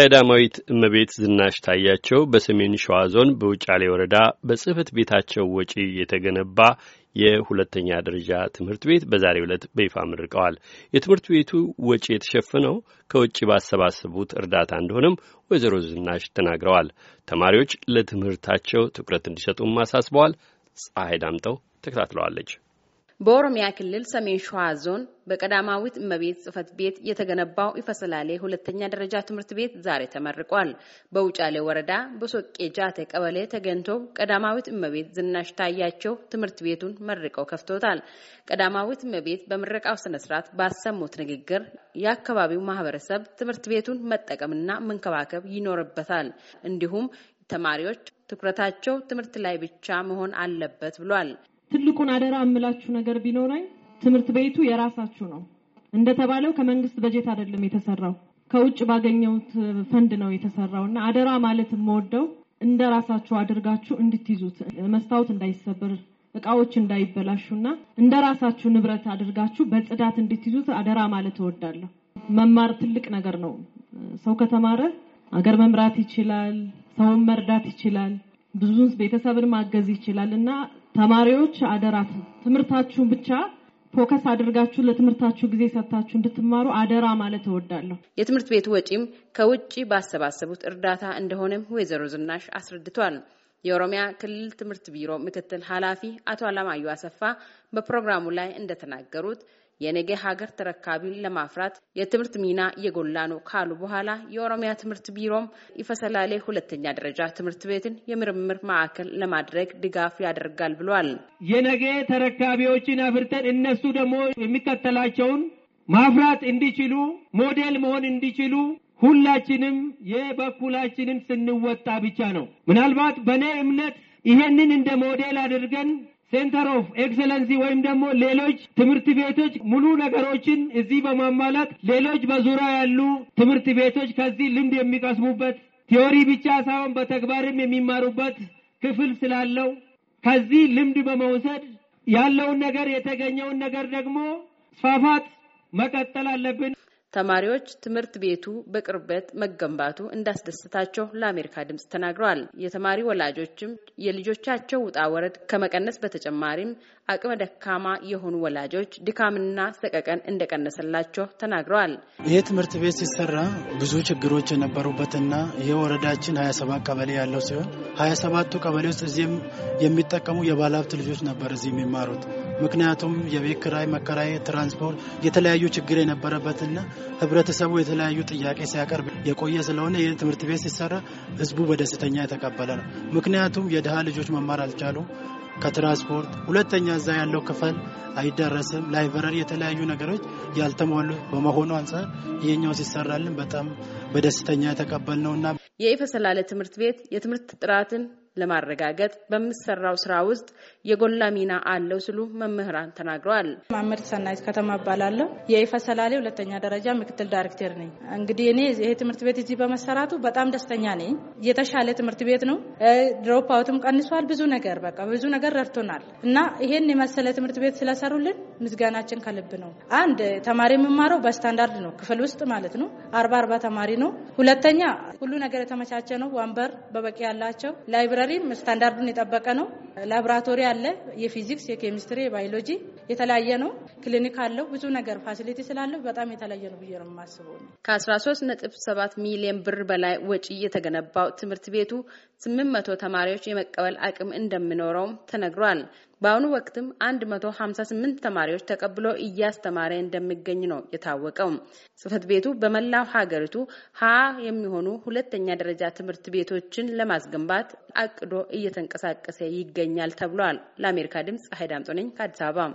ቀዳማዊት እመቤት ዝናሽ ታያቸው በሰሜን ሸዋ ዞን በውጫሌ ወረዳ በጽህፈት ቤታቸው ወጪ የተገነባ የሁለተኛ ደረጃ ትምህርት ቤት በዛሬው ዕለት በይፋ መርቀዋል። የትምህርት ቤቱ ወጪ የተሸፈነው ከውጭ ባሰባሰቡት እርዳታ እንደሆነም ወይዘሮ ዝናሽ ተናግረዋል። ተማሪዎች ለትምህርታቸው ትኩረት እንዲሰጡም አሳስበዋል። ፀሐይ ዳምጠው ተከታትለዋለች። በኦሮሚያ ክልል ሰሜን ሸዋ ዞን በቀዳማዊት እመቤት ጽፈት ቤት የተገነባው ኢፈሰላሌ ሁለተኛ ደረጃ ትምህርት ቤት ዛሬ ተመርቋል። በውጫሌ ወረዳ በሶቄ ጃቴ ቀበሌ ተገኝቶ ቀዳማዊት እመቤት ዝናሽ ታያቸው ትምህርት ቤቱን መርቀው ከፍቶታል። ቀዳማዊት እመቤት በምረቃው ስነ ስርዓት ባሰሙት ንግግር የአካባቢው ማህበረሰብ ትምህርት ቤቱን መጠቀምና መንከባከብ ይኖርበታል፣ እንዲሁም ተማሪዎች ትኩረታቸው ትምህርት ላይ ብቻ መሆን አለበት ብሏል። ትልቁን አደራ እምላችሁ ነገር ቢኖረኝ ትምህርት ቤቱ የራሳችሁ ነው። እንደተባለው ከመንግስት በጀት አይደለም የተሰራው ከውጭ ባገኘሁት ፈንድ ነው የተሰራው እና አደራ ማለት የምወደው እንደ ራሳችሁ አድርጋችሁ እንድትይዙት መስታወት እንዳይሰብር እቃዎች እንዳይበላሹና እንደ ራሳችሁ ንብረት አድርጋችሁ በጽዳት እንድትይዙት አደራ ማለት እወዳለሁ። መማር ትልቅ ነገር ነው። ሰው ከተማረ አገር መምራት ይችላል፣ ሰውን መርዳት ይችላል፣ ብዙ ቤተሰብን ማገዝ ይችላል እና ተማሪዎች አደራ ትምህርታችሁን ብቻ ፎከስ አድርጋችሁ ለትምህርታችሁ ጊዜ ሰጥታችሁ እንድትማሩ አደራ ማለት እወዳለሁ። የትምህርት ቤቱ ወጪም ከውጭ ባሰባሰቡት እርዳታ እንደሆነም ወይዘሮ ዝናሽ አስረድቷል። የኦሮሚያ ክልል ትምህርት ቢሮ ምክትል ኃላፊ አቶ አላማዩ አሰፋ በፕሮግራሙ ላይ እንደተናገሩት የነገ ሀገር ተረካቢን ለማፍራት የትምህርት ሚና የጎላ ነው ካሉ በኋላ የኦሮሚያ ትምህርት ቢሮም ይፈሰላሌ ሁለተኛ ደረጃ ትምህርት ቤትን የምርምር ማዕከል ለማድረግ ድጋፍ ያደርጋል ብሏል። የነገ ተረካቢዎችን አፍርተን እነሱ ደግሞ የሚከተላቸውን ማፍራት እንዲችሉ ሞዴል መሆን እንዲችሉ ሁላችንም የበኩላችንን ስንወጣ ብቻ ነው። ምናልባት በእኔ እምነት ይሄንን እንደ ሞዴል አድርገን ሴንተር ኦፍ ኤክሰለንሲ ወይም ደግሞ ሌሎች ትምህርት ቤቶች ሙሉ ነገሮችን እዚህ በማሟላት ሌሎች በዙሪያ ያሉ ትምህርት ቤቶች ከዚህ ልምድ የሚቀስሙበት ቲዮሪ ብቻ ሳይሆን በተግባርም የሚማሩበት ክፍል ስላለው ከዚህ ልምድ በመውሰድ ያለውን ነገር የተገኘውን ነገር ደግሞ ስፋፋት መቀጠል አለብን። ተማሪዎች ትምህርት ቤቱ በቅርበት መገንባቱ እንዳስደስታቸው ለአሜሪካ ድምጽ ተናግረዋል። የተማሪ ወላጆችም የልጆቻቸው ውጣ ወረድ ከመቀነስ በተጨማሪም አቅመ ደካማ የሆኑ ወላጆች ድካምና ሰቀቀን እንደቀነሰላቸው ተናግረዋል። ይህ ትምህርት ቤት ሲሰራ ብዙ ችግሮች የነበሩበትና ይህ ወረዳችን 27 ቀበሌ ያለው ሲሆን 27ቱ ቀበሌ ውስጥ እዚህም የሚጠቀሙ የባለሀብት ልጆች ነበር እዚህ የሚማሩት ምክንያቱም የቤት ክራይ፣ መከራይ፣ ትራንስፖርት የተለያዩ ችግር የነበረበትና ህብረተሰቡ የተለያዩ ጥያቄ ሲያቀርብ የቆየ ስለሆነ ይህ ትምህርት ቤት ሲሰራ ህዝቡ በደስተኛ የተቀበለ ነው። ምክንያቱም የድሃ ልጆች መማር አልቻሉም። ከትራንስፖርት ሁለተኛ እዛ ያለው ክፍል አይደረስም። ላይብረሪ፣ የተለያዩ ነገሮች ያልተሟሉ በመሆኑ አንጻር ይሄኛው ሲሰራልን በጣም በደስተኛ የተቀበልነውና የኢፈሰላለ ትምህርት ቤት የትምህርት ጥራትን ለማረጋገጥ በምሰራው ስራ ውስጥ የጎላ ሚና አለው ሲሉ መምህራን ተናግረዋል። መምህር ሰናይት ከተማ እባላለሁ። የኢፈ ሰላሌ ሁለተኛ ደረጃ ምክትል ዳይሬክተር ነኝ። እንግዲህ እኔ ይሄ ትምህርት ቤት እዚህ በመሰራቱ በጣም ደስተኛ ነኝ። የተሻለ ትምህርት ቤት ነው። ድሮፕ አውትም ቀንሷል። ብዙ ነገር በቃ ብዙ ነገር ረድቶናል እና ይሄን የመሰለ ትምህርት ቤት ስለሰሩልን ምስጋናችን ከልብ ነው። አንድ ተማሪ የምማረው በስታንዳርድ ነው፣ ክፍል ውስጥ ማለት ነው። አርባ አርባ ተማሪ ነው። ሁለተኛ ሁሉ ነገር የተመቻቸ ነው። ወንበር በበቂ ያላቸው ላይብራሪ ላይብረሪም ስታንዳርዱን የጠበቀ ነው። ላብራቶሪ አለ። የፊዚክስ፣ የኬሚስትሪ፣ የባዮሎጂ የተለያየ ነው። ክሊኒክ አለው። ብዙ ነገር ፋሲሊቲ ስላለው በጣም የተለያየ ነው ብዬ ነው የማስበው። ከ13.7 ሚሊዮን ብር በላይ ወጪ የተገነባው ትምህርት ቤቱ 800 ተማሪዎች የመቀበል አቅም እንደሚኖረውም ተነግሯል። በአሁኑ ወቅትም 158 ተማሪዎች ተቀብሎ እያስተማረ እንደሚገኝ ነው የታወቀው። ጽህፈት ቤቱ በመላው ሀገሪቱ ሀ የሚሆኑ ሁለተኛ ደረጃ ትምህርት ቤቶችን ለማስገንባት አቅዶ እየተንቀሳቀሰ ይገኛል ተብሏል። ለአሜሪካ ድምጽ ሀይድ አምጦ ነኝ ከአዲስ አበባ